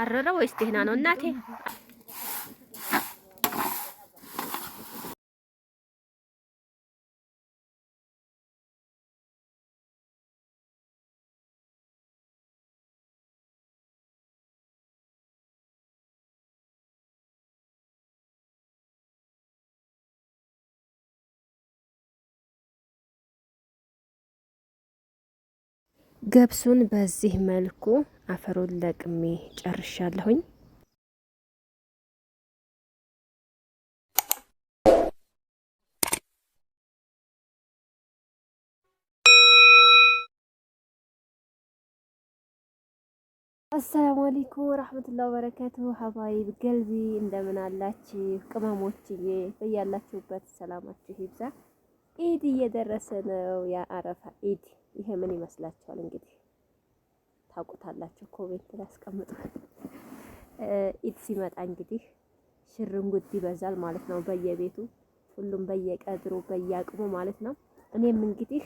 አረረ ወይስ ደህና ነው እናቴ? ገብሱን በዚህ መልኩ አፈሩን ለቅሜ ጨርሻለሁኝ። አሰላሙ አለይኩም ወራህመቱላሂ ወበረካቱ። ሀባይብ ገልቢ እንደምን አላችሁ? ቅመሞችዬ በያላችሁበት ሰላማችሁ ይብዛ። ኢድ እየደረሰ ነው። የአረፋ ኢድ ይሄ ምን ይመስላችኋል? እንግዲህ ታውቁታላችሁ። ኮሜንት ላይ አስቀምጡ። ኢድ ሲመጣ እንግዲህ ሽርንጉድ ይበዛል ማለት ነው። በየቤቱ ሁሉም በየቀድሩ በየአቅሙ ማለት ነው። እኔም እንግዲህ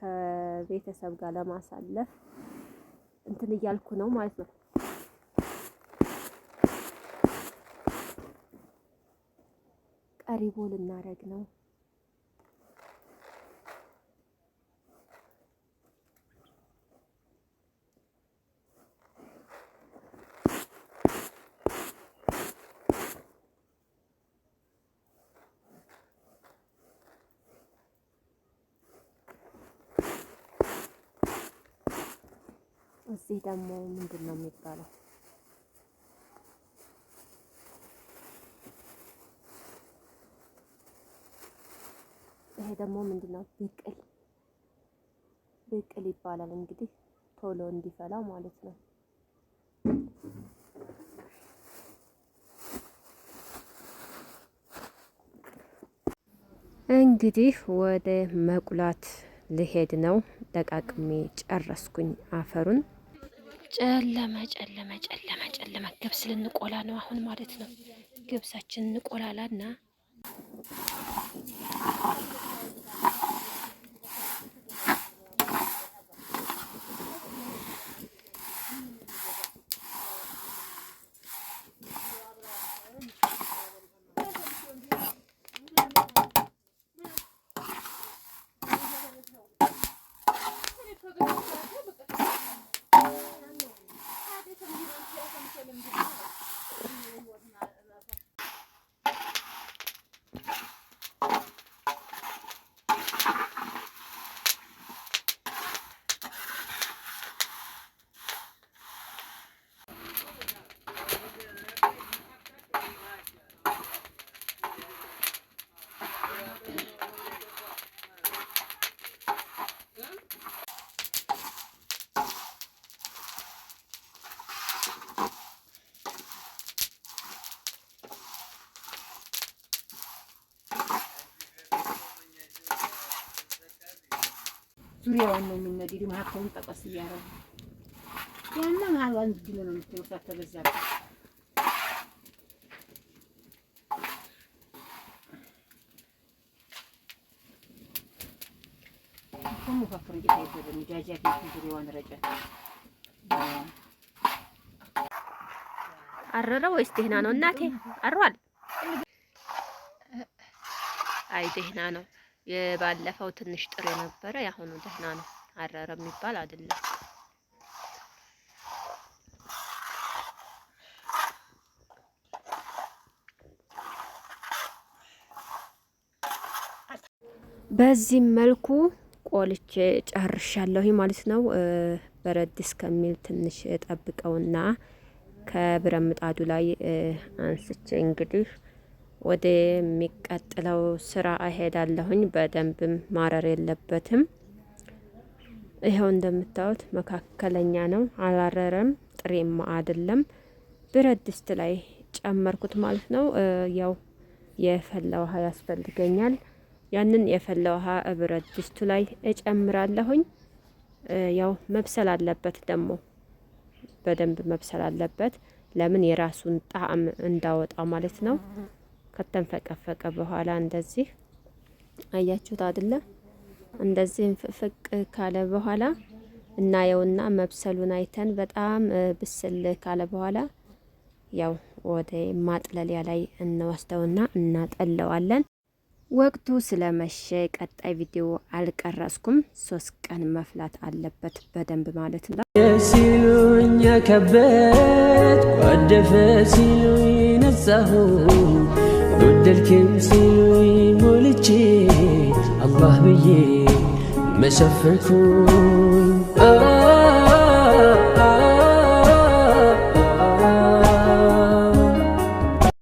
ከቤተሰብ ጋር ለማሳለፍ እንትን እያልኩ ነው ማለት ነው። ቀሪቦ ልናደርግ ነው። እዚህ ደግሞ ምንድን ነው የሚባለው? ይሄ ደግሞ ምንድን ነው? ብቅል ብቅል ይባላል። እንግዲህ ቶሎ እንዲፈላ ማለት ነው። እንግዲህ ወደ መቁላት ልሄድ ነው። ደቃቅሜ ጨረስኩኝ አፈሩን ጨለመ ጨለመ ጨለመ ጨለመ። ገብስ ልንቆላ ነው አሁን ማለት ነው። ገብሳችን እንቆላላና ዙሪያውን ነው የሚነድድ። መሀከሉን ጠቀስ እያደረጉ ያና መሀሏን ድሎ ነው የምትለው እሳት ተበዛበት። ሞካክር እንዴት አይበለም። ጃጃ ዙሪያዋን ረጨት አረረ ወይስ ደህና ነው እናቴ? አሯል። አይ ደህና ነው። የባለፈው ትንሽ ጥር የነበረ የአሁኑ ደህና ነው። አረረ የሚባል አይደለም። በዚህም መልኩ ቆልቼ ጨርሻለሁ ማለት ነው። በረድ እስከሚል ትንሽ ጠብቀውና ከብረት ምጣዱ ላይ አንስቼ እንግዲህ ወደሚቀጥለው ስራ እሄዳለሁኝ። በደንብም ማረር የለበትም። ይኸው እንደምታዩት መካከለኛ ነው፣ አላረረም፣ ጥሬም አይደለም። ብረት ድስት ላይ ጨመርኩት ማለት ነው። ያው የፈላ ውሃ ያስፈልገኛል። ያንን የፈላ ውሃ ብረት ድስቱ ላይ እጨምራለሁኝ። ያው መብሰል አለበት ደግሞ በደንብ መብሰል አለበት። ለምን የራሱን ጣዕም እንዳወጣ ማለት ነው። ከተንፈቀፈቀ በኋላ እንደዚህ አያችሁት አይደለ? እንደዚህ ፍቅ ካለ በኋላ እናየውና መብሰሉን አይተን በጣም ብስል ካለ በኋላ ያው ወደ ማጥለሊያ ላይ እንወስደውና እናጠለዋለን። ወቅቱ ስለመሸ ቀጣይ ቪዲዮ አልቀረስኩም። ሶስት ቀን መፍላት አለበት በደንብ ማለት ነው። ሲሉኝ ከበት ወደፈ ሲሉኝ ነዛሁ ወደድከኝ ሲሉኝ ሞልቼ አላህ ብዬ መሸፈንኩ